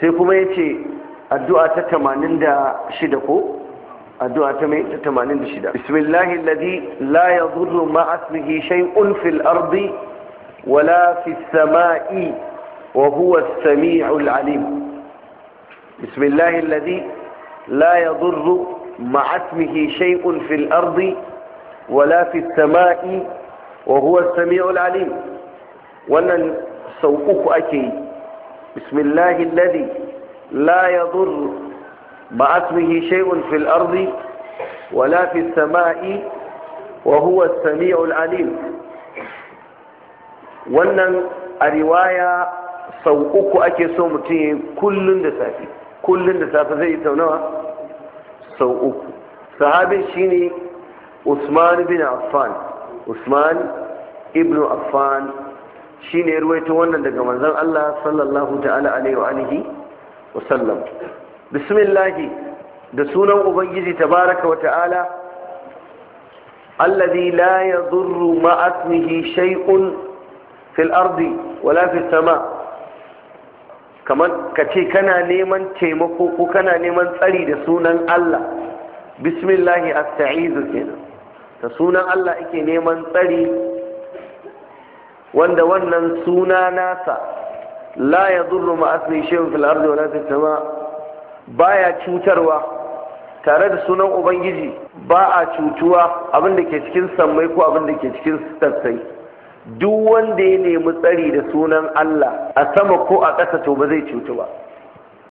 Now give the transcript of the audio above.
sai kuma ya ce addu'a ta 86 ko addu'a ta mai ta tamanin da shida bismillahi ladi la ya zurru ma'asmihi shay'un fil ardi wala fi sama'i wa huwa sami'ul alim bismillahi alladhi la ya zurru ma'asmihi shay'un fil ardi wala fi sama'i wa huwa sami'ul alim wannan sau uku ake yi بسم الله الذي لا يضر مع اسمه شيء في الأرض ولا في السماء وهو السميع العليم wannan a riwaya sau uku ake so mutum ya kullun da safe kullun da safe zai yi sau nawa sau uku sahabin shine usman bin affan usman ibn affan shi ne ruwaito wannan daga manzan Allah sallallahu ta'ala alaihi wa alihi wa sallam bismillahi da sunan ubangiji tabaraka wa ta'ala alladhi la yadurru ma asmihi shay'un fil ardi wala fis sama kamar kace kana neman taimako ko kana neman tsari da sunan Allah bismillahi asta'izu kenan da sunan Allah ake neman tsari wanda wannan suna nasa la ya zurru ma'asli shehu fil ardi wala fis sama baya cutarwa tare da sunan ubangiji ba a cutuwa abin ke cikin sammai ko abin ke cikin sassai duk wanda ya nemi tsari da sunan Allah a sama ko a ƙasa to ba zai cutu ba